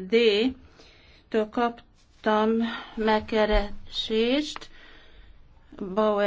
D-től kaptam megkeresést, Bauer